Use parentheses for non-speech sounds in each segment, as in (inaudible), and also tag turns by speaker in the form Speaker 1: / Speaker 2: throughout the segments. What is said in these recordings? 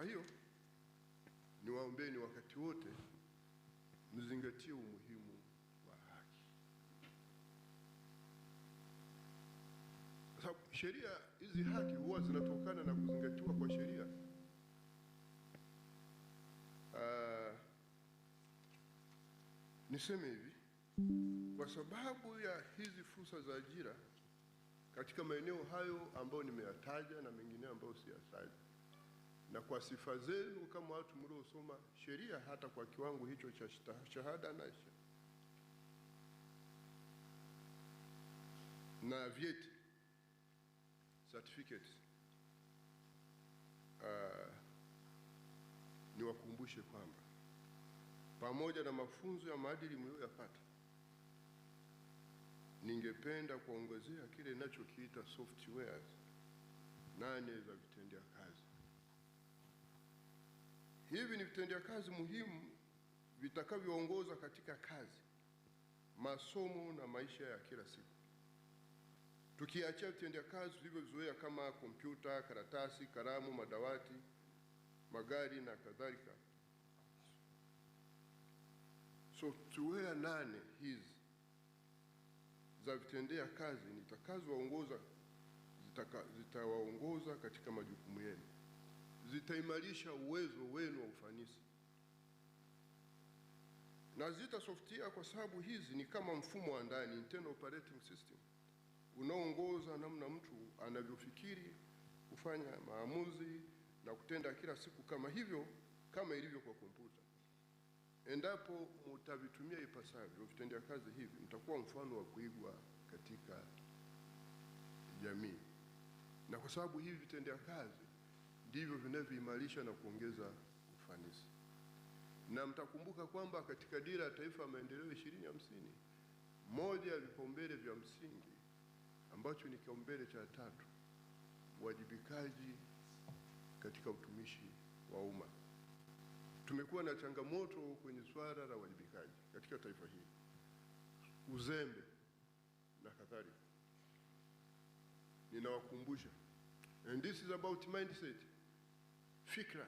Speaker 1: Kwa hiyo niwaombeni wakati wote mzingatie umuhimu wa haki, kwa sababu sheria hizi, haki huwa zinatokana na kuzingatiwa kwa sheria. Uh, niseme hivi kwa sababu ya hizi fursa za ajira katika maeneo hayo ambayo nimeyataja na mengineo ambayo siyataja na kwa sifa zenu kama watu mliosoma sheria hata kwa kiwango hicho cha shahada na na vyeti certificates uh, niwakumbushe kwamba pamoja na mafunzo ya maadili mliyoyapata, ningependa kuongezea kile ninachokiita softwares nane za vitendea kazi Hivi ni vitendea kazi muhimu vitakavyoongoza katika kazi, masomo na maisha ya kila siku, tukiachia vitendea kazi vilivyozoea kama kompyuta, karatasi, kalamu, madawati, magari na kadhalika. Software nane hizi za vitendea kazi nitakazowaongoza zitawaongoza katika majukumu yenu zitaimarisha uwezo wenu wa ufanisi na zitasoftia, kwa sababu hizi ni kama mfumo wa ndani, internal operating system, unaoongoza namna mtu anavyofikiri, kufanya maamuzi na kutenda kila siku, kama hivyo kama ilivyo kwa kompyuta. Endapo mutavitumia ipasavyo vitendea kazi hivi, mtakuwa mfano wa kuigwa katika jamii, na kwa sababu hivi vitendea kazi ndivyo vinavyoimarisha na kuongeza ufanisi. Na mtakumbuka kwamba katika Dira ya Taifa ya Maendeleo ishirini moja ya vipaumbele vya msingi ambacho ni kipaumbele cha tatu, uwajibikaji katika utumishi wa umma. Tumekuwa na changamoto kwenye swala la uwajibikaji katika taifa hili, uzembe na kadhalika. Ninawakumbusha, and this is about mindset fikra.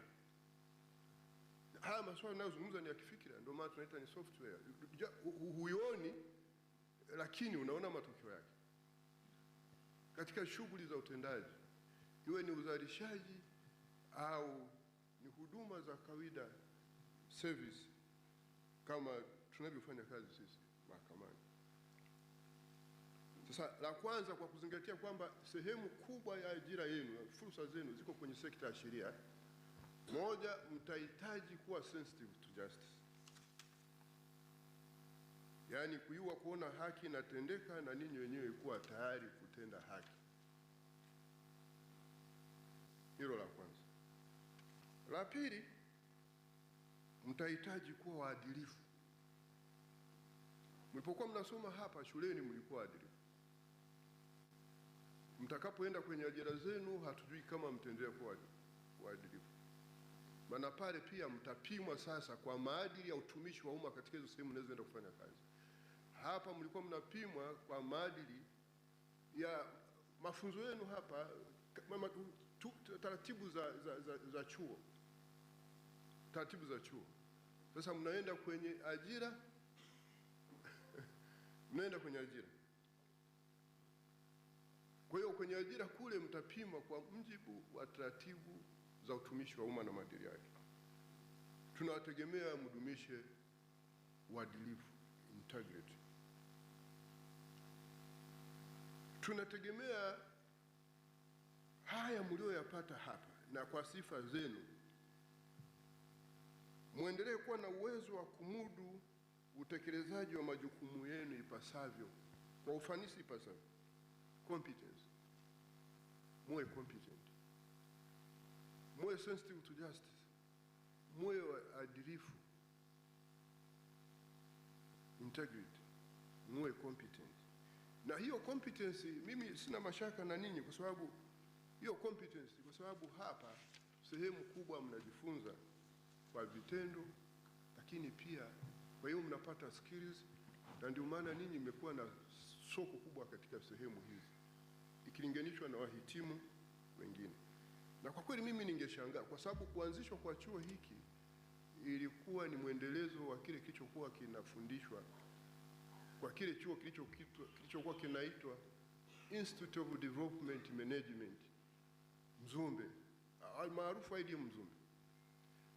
Speaker 1: Haya masuala ninayozungumza ni ya kifikra, ndio maana tunaita ni software. Huioni lakini unaona matokeo yake katika shughuli za utendaji, iwe ni uzalishaji au ni huduma za kawaida service, kama tunavyofanya kazi sisi mahakamani. Sasa la kwanza, kwa kuzingatia kwamba sehemu kubwa ya ajira yenu, fursa zenu ziko kwenye sekta ya sheria moja, mtahitaji kuwa sensitive to justice, yaani kuiwa kuona haki inatendeka na ninyi wenyewe kuwa tayari kutenda haki. Hilo la kwanza. La pili, mtahitaji kuwa waadilifu. Mlipokuwa mnasoma hapa shuleni mlikuwa waadilifu mtakapoenda kwenye ajira zenu, hatujui kama mtaendelea kuwa waadilifu maana pale pia mtapimwa sasa kwa maadili ya utumishi wa umma katika hizo sehemu mnazoenda kufanya kazi. Hapa mlikuwa mnapimwa kwa maadili ya mafunzo yenu hapa, taratibu za, za, za, za chuo, taratibu za chuo. Sasa mnaenda kwenye ajira (laughs) mnaenda kwenye ajira. Kwa hiyo kwenye ajira kule mtapimwa kwa mjibu wa taratibu za utumishi wa umma na maadili yake. Tunawategemea mdumishe uadilifu, integrity. Tunategemea haya mlioyapata hapa na kwa sifa zenu mwendelee kuwa na uwezo wa kumudu utekelezaji wa majukumu yenu ipasavyo, kwa ufanisi ipasavyo. Competence, muwe competent moyo sensitive to justice, moyo adilifu, integrity, muwe competent. Na hiyo competency mimi sina mashaka na ninyi, kwa sababu hiyo competency, kwa sababu hapa sehemu kubwa mnajifunza kwa vitendo, lakini pia kwa hiyo mnapata skills, na ndio maana ninyi mmekuwa na soko kubwa katika sehemu hizi ikilinganishwa na wahitimu wengine. Na kwa kweli mimi ningeshangaa kwa sababu kuanzishwa kwa chuo hiki ilikuwa ni mwendelezo wa kile kilichokuwa kinafundishwa kwa kile chuo kilichokuwa kinaitwa Institute of Development Management Mzumbe, almaarufu IDM Mzumbe.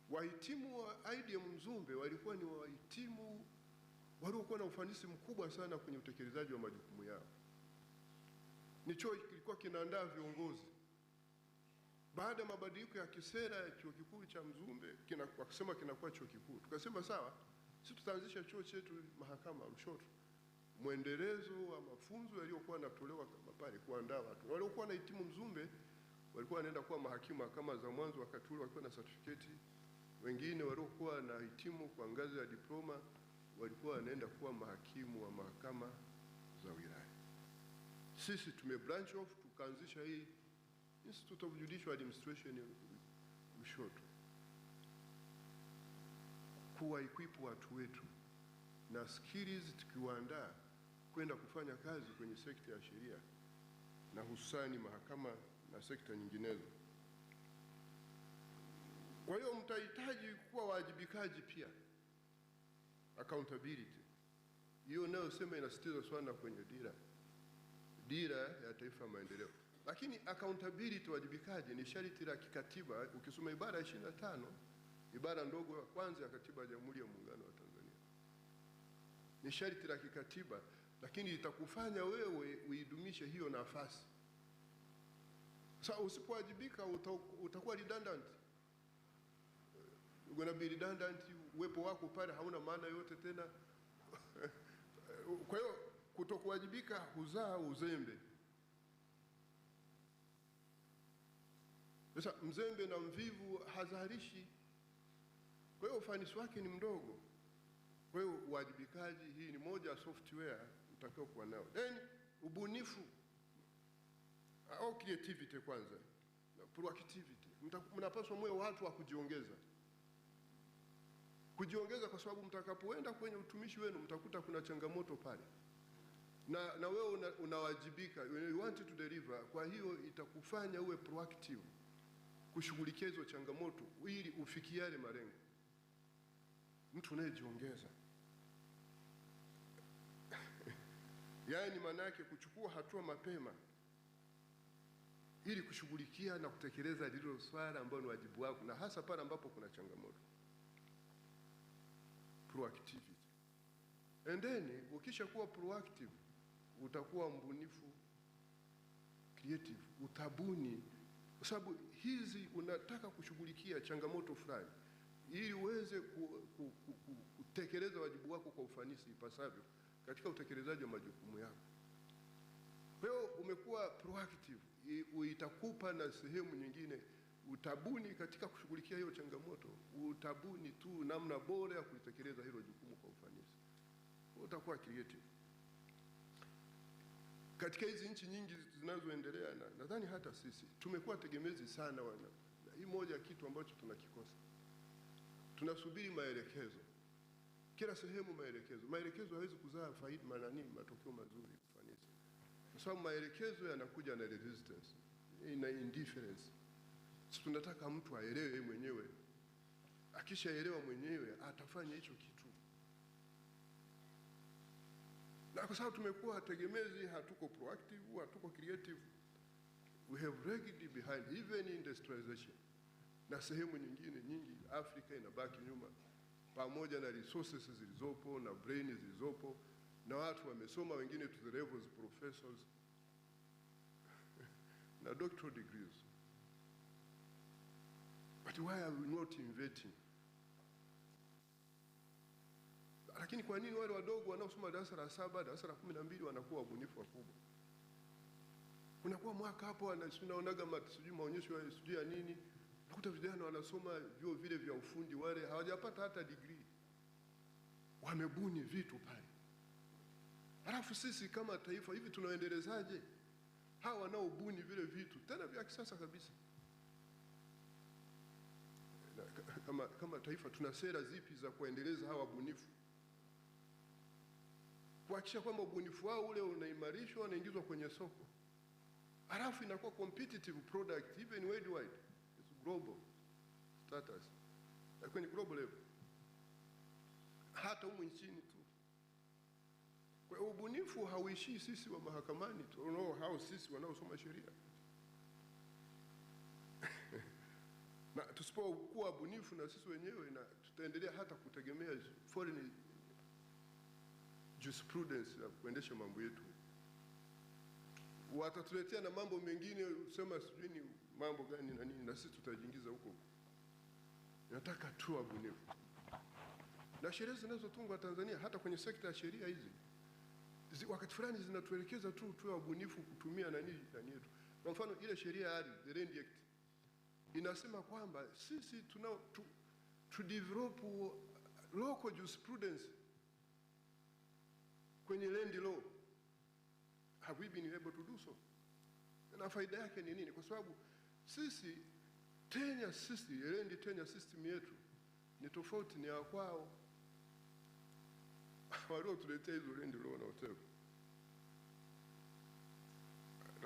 Speaker 1: Wahitimu wa IDM Mzumbe walikuwa ni wahitimu waliokuwa na ufanisi mkubwa sana kwenye utekelezaji wa majukumu yao. Ni chuo kilikuwa kinaandaa viongozi baada ya mabadiliko ya kisera ya chuo kikuu cha Mzumbe kina, wakasema kinakuwa chuo kikuu. Tukasema sawa, si tutaanzisha chuo chetu Mahakama Lushoto, mwendelezo wa mafunzo yaliyokuwa yanatolewa pale kuandaa watu waliokuwa wanahitimu Mzumbe walikuwa wanaenda kuwa mahakimu kama za mwanzo, wakati ule wakiwa na certificate. Wengine waliokuwa na hitimu kwa ngazi ya diploma walikuwa wanaenda kuwa mahakimu wa mahakama za wilaya. Sisi tume branch off tukaanzisha hii Institute of Judicial Administration eh, kuwa ikwipu watu wetu na skills, tukiwaandaa kwenda kufanya kazi kwenye sekta ya sheria na hususani mahakama na sekta nyinginezo. Kwa hiyo mtahitaji kuwa waajibikaji pia, accountability hiyo nayosema inasitizwa sana kwenye dira dira ya taifa ya maendeleo. Lakini accountability, wajibikaji ni sharti la kikatiba. Ukisoma ibara ya ishirini na tano ibara ndogo ya kwanza ya katiba ya Jamhuri ya Muungano wa Tanzania, ni sharti la kikatiba, lakini itakufanya wewe uidumishe hiyo nafasi. Sasa usipowajibika utakuwa redundant, gonna be redundant. Uwepo wako pale hauna maana yote tena. (laughs) Kwa hiyo kutokuwajibika huzaa uzembe. Sasa mzembe na mvivu hazarishi kwa hiyo ufanisi wake ni mdogo. Kwa hiyo uwajibikaji, hii ni moja ya software mtakao kuwa nao, then ubunifu au creativity kwanza, proactivity. Mnapaswa mwe watu wa kujiongeza, kujiongeza, kwa sababu mtakapoenda kwenye utumishi wenu mtakuta kuna changamoto pale na, na wewe unawajibika, una you want to deliver. Kwa hiyo itakufanya uwe proactive kushughulikia hizo changamoto ili ufikie yale malengo. Mtu unayejiongeza (laughs) yaani, maana yake kuchukua hatua mapema ili kushughulikia na kutekeleza lilo swala ambalo ni wajibu wako, na hasa pale ambapo kuna changamoto. Proactivity and then, ukisha kuwa proactive utakuwa mbunifu creative, utabuni kwa sababu hizi unataka kushughulikia changamoto fulani ili uweze kutekeleza wajibu wako kwa ufanisi ipasavyo katika utekelezaji wa majukumu yako. Kwa hiyo umekuwa proactive, itakupa na sehemu nyingine utabuni katika kushughulikia hiyo changamoto, utabuni tu namna bora ya kulitekeleza hilo jukumu kwa ufanisi, utakuwa creative katika hizi nchi nyingi zinazoendelea, na nadhani hata sisi tumekuwa tegemezi sana wana. Hii moja ya kitu ambacho tunakikosa, tunasubiri maelekezo kila sehemu, maelekezo. Maelekezo hayawezi kuzaa faida, maana Matokeo mazuri, ufanisi, kwa sababu maelekezo yanakuja na resistance na indifference. Tunataka mtu aelewe mwenyewe, akishaelewa mwenyewe atafanya hicho kitu. na kwa sababu tumekuwa tegemezi, hatuko proactive, hatuko creative, we have lagged behind even industrialization, na sehemu nyingine nyingi Afrika inabaki nyuma, pamoja na resources zilizopo na brain zilizopo na watu wamesoma wengine to the levels professors (laughs) na doctoral degrees, but why are we not inventing? Lakini kwa nini wale wadogo wanaosoma darasa la saba, darasa la kumi na mbili wanakuwa wabunifu wakubwa? Unakuwa mwaka hapo, naonaga sijui maonyesho sijui ya nini, nakuta vijana wanasoma vyuo vile vya ufundi, wale hawajapata hata digrii, wamebuni vitu pale. Halafu sisi kama taifa hivi tunaendelezaje hawa wanaobuni vile vitu tena vya kisasa kabisa? Kama, kama taifa tuna sera zipi za kuendeleza hawa wabunifu? kuhakikisha kwamba ubunifu wao ule unaimarishwa, unaingizwa kwenye soko, halafu inakuwa competitive product even worldwide, it's global status kwenye global level, hata humu nchini tu. Kwa hiyo ubunifu hauishii sisi wa mahakamani tu, no, hao sisi wanaosoma sheria (laughs) na tusipokuwa bunifu na sisi wenyewe, na tutaendelea hata kutegemea foreign jurisprudence ya kuendesha mambo yetu. Watatuletea na mambo mengine, usema sijui ni mambo gani na nini, na sisi tutajiingiza huko. Nataka tu wabunifu na sheria zinazotungwa Tanzania, hata kwenye sekta ya sheria hizi zi, wakati fulani zinatuelekeza tu tuwe wabunifu kutumia nani nani yetu. Kwa mfano ile sheria ya ardhi, the Land Act, inasema kwamba sisi tuna tu, tu develop local jurisprudence kwenye land law. Have we been able to do so? Na faida yake ni nini? Kwa sababu sisi tenya system, land tenya system yetu ni tofauti ni ya (laughs) waliotuletea hizo land law na hotel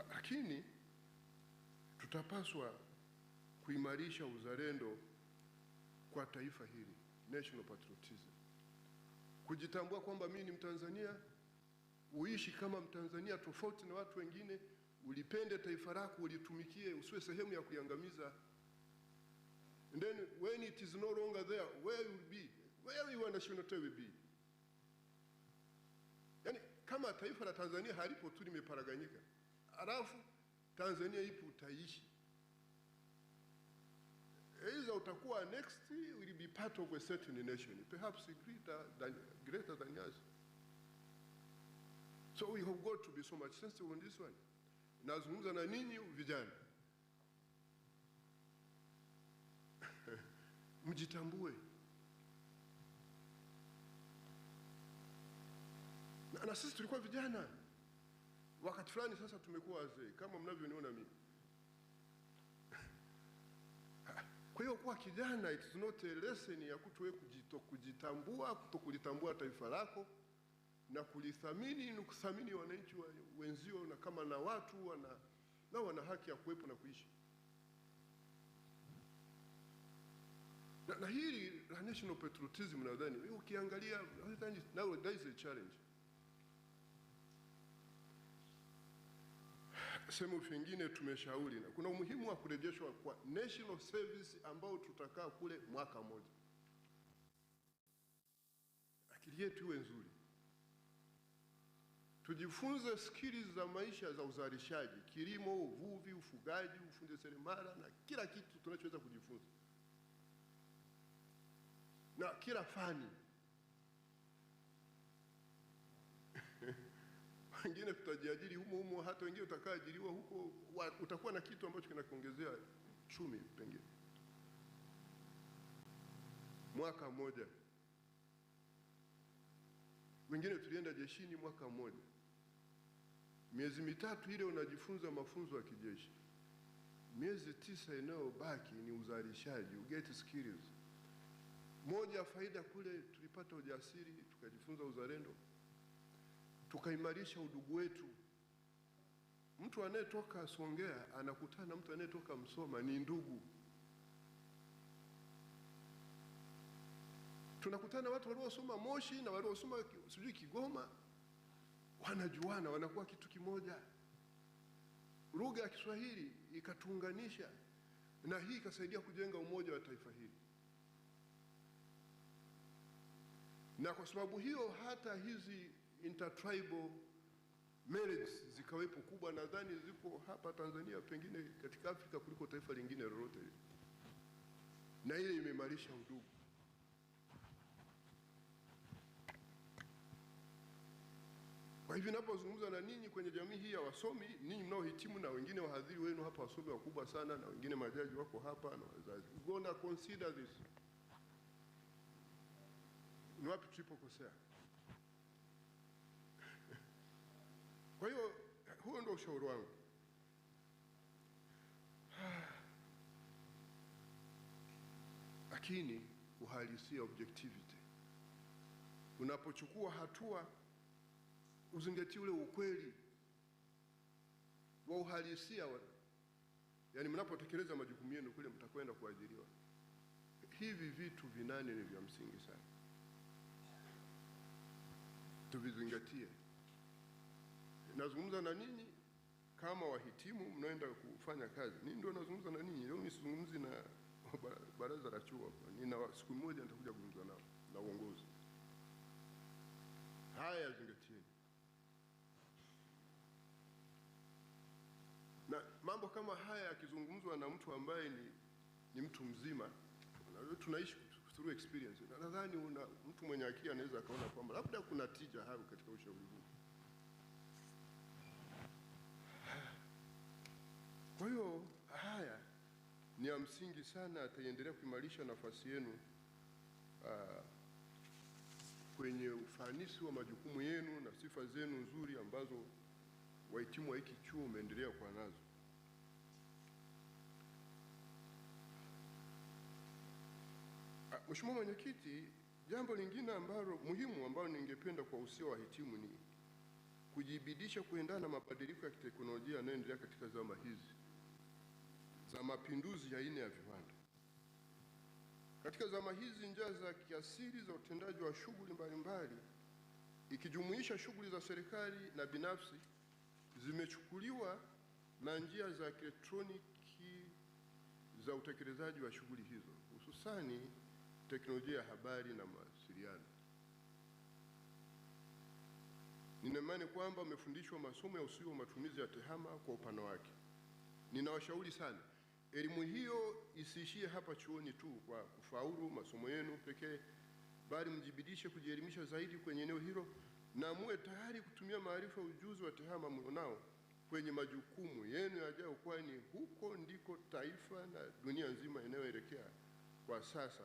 Speaker 1: lakini tutapaswa kuimarisha uzalendo kwa taifa hili, national patriotism kujitambua kwamba mimi ni Mtanzania, uishi kama Mtanzania tofauti na watu wengine, ulipende taifa lako, ulitumikie, usiwe sehemu ya kuliangamiza. And then when it is no longer there, where you will be, where you nationality will be. Yani kama taifa la Tanzania halipo tu limeparaganyika, alafu Tanzania ipo, utaishi either utakuwa next will be part of a certain nation, perhaps greater than, greater than us So we have got to be so much sensitive on this one. Nazungumza na ninyi vijana, (laughs) mjitambue. Na, na sisi tulikuwa vijana wakati fulani, sasa tumekuwa wazee kama mnavyoniona mimi. Kwa hiyo kuwa kijana, it's not a lesson ya kutowe kujitambua, kutokulitambua taifa lako na kulithamini na kuthamini wananchi wenzio, na kama na watu wana, na wana haki ya kuwepo na kuishi na, na hili la national patriotism nadhani ukiangalia, that is a challenge sehemu pengine tumeshauri, na kuna umuhimu wa kurejeshwa kwa national service ambao tutakaa kule mwaka mmoja. Akili yetu iwe nzuri, tujifunze skili za maisha za uzalishaji, kilimo, uvuvi, ufugaji, ufundi seremala na kila kitu tunachoweza kujifunza na kila fani (laughs) wengine tutajiajiri humo humo, hata wengine utakaajiriwa huko utakuwa na kitu ambacho kinakuongezea chumi pengine. Mwaka mmoja wengine tulienda jeshini mwaka mmoja, miezi mitatu ile unajifunza mafunzo ya kijeshi, miezi tisa inayobaki ni uzalishaji, get skills. Moja faida kule tulipata ujasiri, tukajifunza uzalendo tukaimarisha udugu wetu. Mtu anayetoka Songea anakutana na mtu anayetoka Msoma ni ndugu. Tunakutana watu waliosoma Moshi na waliosoma sijui Kigoma, wanajuana, wanakuwa kitu kimoja. Lugha ya Kiswahili ikatuunganisha, na hii ikasaidia kujenga umoja wa taifa hili. Na kwa sababu hiyo hata hizi intertribal marriage zikawepo kubwa, nadhani zipo hapa Tanzania, pengine katika Afrika kuliko taifa lingine lolote, na ile imeimarisha udugu. Kwa hivyo ninapozungumza na ninyi kwenye jamii hii ya wasomi, ninyi mnaohitimu na wengine wahadhiri wenu hapa, wasomi wakubwa sana, na wengine majaji wako hapa na wazazi, gonna consider this, ni wapi tulipokosea? Kwa hiyo huo ndio ushauri wangu. Lakini uhalisia, objectivity, unapochukua hatua uzingatie ule ukweli wa uhalisia wa, yani mnapotekeleza majukumu yenu kule mtakwenda kuajiriwa. Hivi vitu vinane ni vya msingi sana, tuvizingatie nazungumza na ninyi kama wahitimu mnaenda kufanya kazi, mimi ndio nazungumza na ninyi leo. Mimi na (laughs) baraza la chuo, nina siku moja nitakuja kuzungumza nao na uongozi. Haya yazingatieni, na mambo kama haya yakizungumzwa na mtu ambaye ni, ni mtu mzima, tunaishi through experience. Nadhani una mtu mwenye akili anaweza akaona kwamba labda kuna tija hayo katika ushauri huu. Kwa hiyo haya ni ya msingi sana, ataendelea kuimarisha nafasi yenu ah, kwenye ufanisi wa majukumu yenu na sifa zenu nzuri ambazo wahitimu wa hiki chuo umeendelea kuwa nazo. Ah, Mheshimiwa Mwenyekiti, jambo lingine ambalo muhimu ambalo ningependa kuwahusia wahitimu ni kujibidisha kuendana na mabadiliko ya kiteknolojia yanayoendelea katika zama hizi na mapinduzi ya ine ya viwanda. Katika zama hizi, njia za kiasili za utendaji wa shughuli mbalimbali ikijumuisha shughuli za serikali na binafsi zimechukuliwa na njia za elektroniki za utekelezaji wa shughuli hizo, hususani teknolojia ya habari na mawasiliano. Nina imani kwamba umefundishwa masomo ya usio wa matumizi ya tehama kwa upana wake. Ninawashauri sana Elimu hiyo isiishie hapa chuoni tu kwa kufaulu masomo yenu pekee, bali mjibidishe kujielimisha zaidi kwenye eneo hilo na muwe tayari kutumia maarifa, ujuzi wa tehama mlionao kwenye majukumu yenu yajayo, kwani huko ndiko taifa na dunia nzima inayoelekea kwa sasa.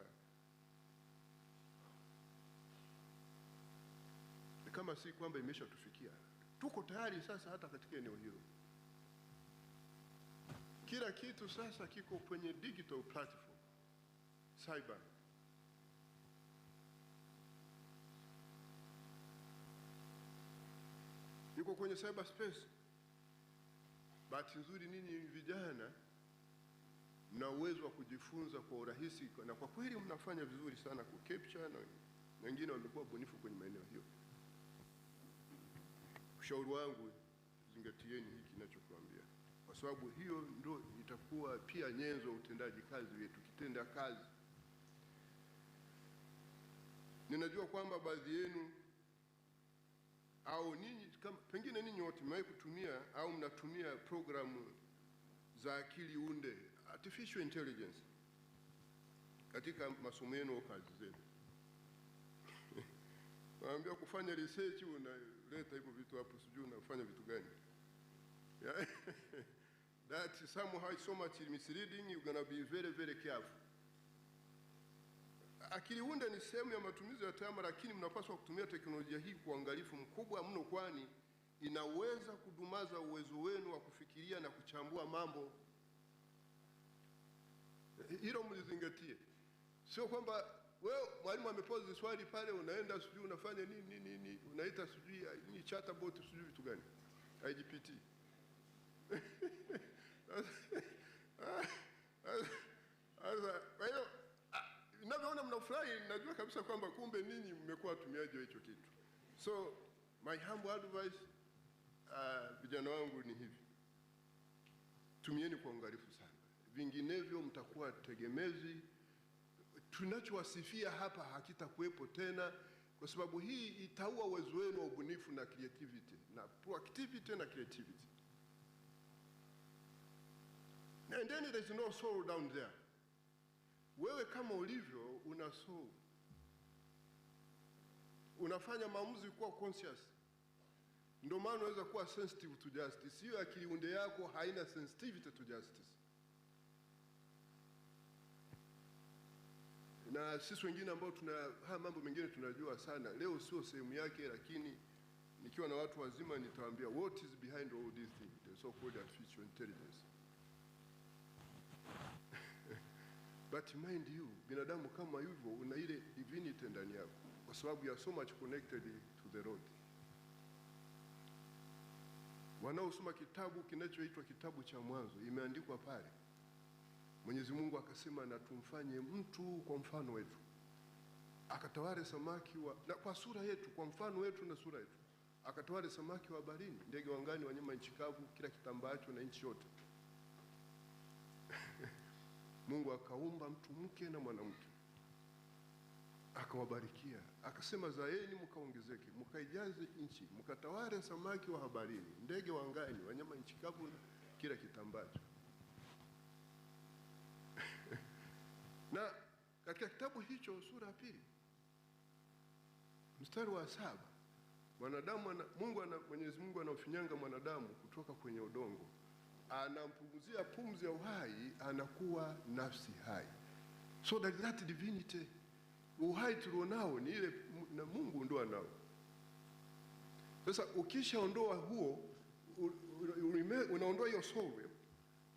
Speaker 1: Kama si kwamba imeshatufikia, tuko tayari sasa hata katika eneo hilo. Kila kitu sasa kiko kwenye digital platform cyber. Niko kwenye cyber space. Bahati nzuri ninyi vijana mna uwezo wa kujifunza kwa urahisi, na kwa kweli mnafanya vizuri sana ku capture, na wengine wamekuwa bunifu kwenye maeneo hiyo. Ushauri wangu, zingatieni hiki ninachokuambia kwa sababu hiyo ndio itakuwa pia nyenzo ya utendaji kazi wetu, kitenda kazi. Ninajua kwamba baadhi yenu au ninyi kama pengine ninyi wote mmewahi kutumia au mnatumia programu za akili unde artificial intelligence katika masomo yenu au kazi zenu. (laughs) Naambia kufanya research, unaleta hivyo vitu hapo, sijui unafanya vitu gani. Yeah. (laughs) that somehow so much misleading, you're going to be very, very careful. Akili unde ni sehemu ya matumizi ya tama lakini mnapaswa kutumia teknolojia hii kwa uangalifu mkubwa mno, kwani inaweza kudumaza uwezo wenu wa kufikiria na kuchambua mambo. Hilo mlizingatie, sio kwamba wewe mwalimu amepozi swali pale, unaenda sijui unafanya nini nini nini, unaita sijui ni chatbot sijui vitu gani IGPT. Kwa hiyo mnafurahi, najua kabisa kwamba kumbe ninyi mmekuwa watumiaji wa hicho kitu. So my humble advice uh, vijana uh, wangu ni hivi, tumieni kwa uangalifu sana, vinginevyo mtakuwa tegemezi. Tunachowasifia hapa hakitakuwepo tena, kwa sababu hii itaua uwezo wenu wa ubunifu na creativity na proactivity na creativity. And then there is no soul down there. Wewe kama ulivyo una soul. Unafanya maamuzi kuwa conscious. Ndio maana unaweza kuwa sensitive to justice. Hiyo akili unde yako haina sensitivity to justice. Na sisi wengine ambao tuna haya mambo mengine tunajua sana, leo sio sehemu yake, lakini nikiwa na watu wazima nitawaambia what is behind all these things, the so called artificial intelligence. But mind you, binadamu kama hivyo una ile divinity ndani yako, kwa sababu ya so much connected to the lord Wanaosoma kitabu kinachoitwa kitabu cha Mwanzo, imeandikwa pale, Mwenyezi Mungu akasema, na tumfanye mtu kwa mfano wetu, akatawale samaki wa, na kwa sura yetu, kwa mfano wetu na sura yetu, akatawale samaki wa barini ndege wa wanyama nchi kavu, kila kitambaacho na nchi yote. Mungu akaumba mtu mke na mwanamke akawabarikia, akasema zaeni mkaongezeke, mkaijaze nchi, mkatawale samaki wa habarini, ndege wa angani, wanyama nchi kavu na kila kitambacho. (laughs) na katika kitabu hicho sura ya pili mstari wa saba mwanadamu ana, Mungu ana, Mwenyezi Mungu anaufinyanga mwanadamu kutoka kwenye udongo anampunguzia pumzi ya uhai, anakuwa nafsi hai. So that, that divinity uhai tulionao ni ile na Mungu ndo anao. Sasa ukishaondoa huo, unaondoa hiyo soul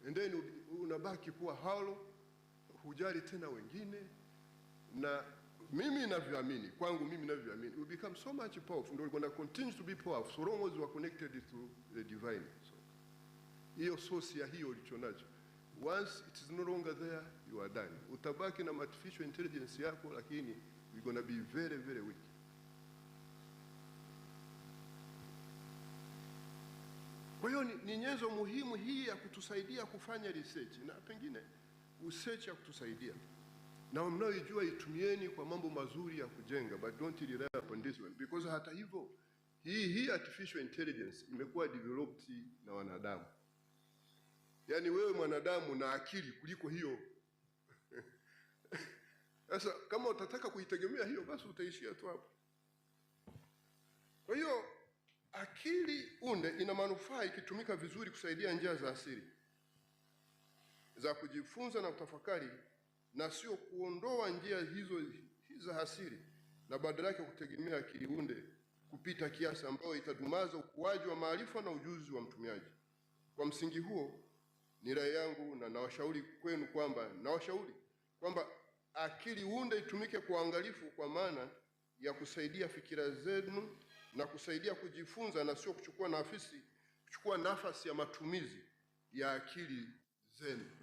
Speaker 1: and then unabaki kuwa halo, hujali tena wengine na mimi ninavyoamini kwangu mimi ninavyoamini, you become so much powerful, ndio you're going to continue to be powerful so long as you are connected to the divine. So, hiyo sosi ya hiyo ulichonacho. Once it is no longer there, you are done. Utabaki na artificial intelligence yako, lakini you're gonna be very very weak. Kwa hiyo ni, ni nyenzo muhimu hii ya kutusaidia kufanya research na pengine research ya kutusaidia na mnaoijua itumieni kwa mambo mazuri ya kujenga, but don't rely upon this one because hata hivyo hii hii artificial intelligence imekuwa developed na wanadamu yaani wewe mwanadamu na akili kuliko hiyo (laughs) Sasa kama utataka kuitegemea hiyo, basi utaishia tu hapo. Kwa hiyo akili unde ina manufaa ikitumika vizuri kusaidia njia za asili za kujifunza na kutafakari, na sio kuondoa njia hizo za asili, na badala yake kutegemea akili unde kupita kiasi, ambayo itadumaza ukuaji wa maarifa na ujuzi wa mtumiaji. Kwa msingi huo ni rai yangu na nawashauri kwenu kwamba nawashauri kwamba akili unde itumike kwa uangalifu, kwa maana ya kusaidia fikira zenu na kusaidia kujifunza na sio kuchukua nafasi kuchukua nafasi ya matumizi ya akili zenu.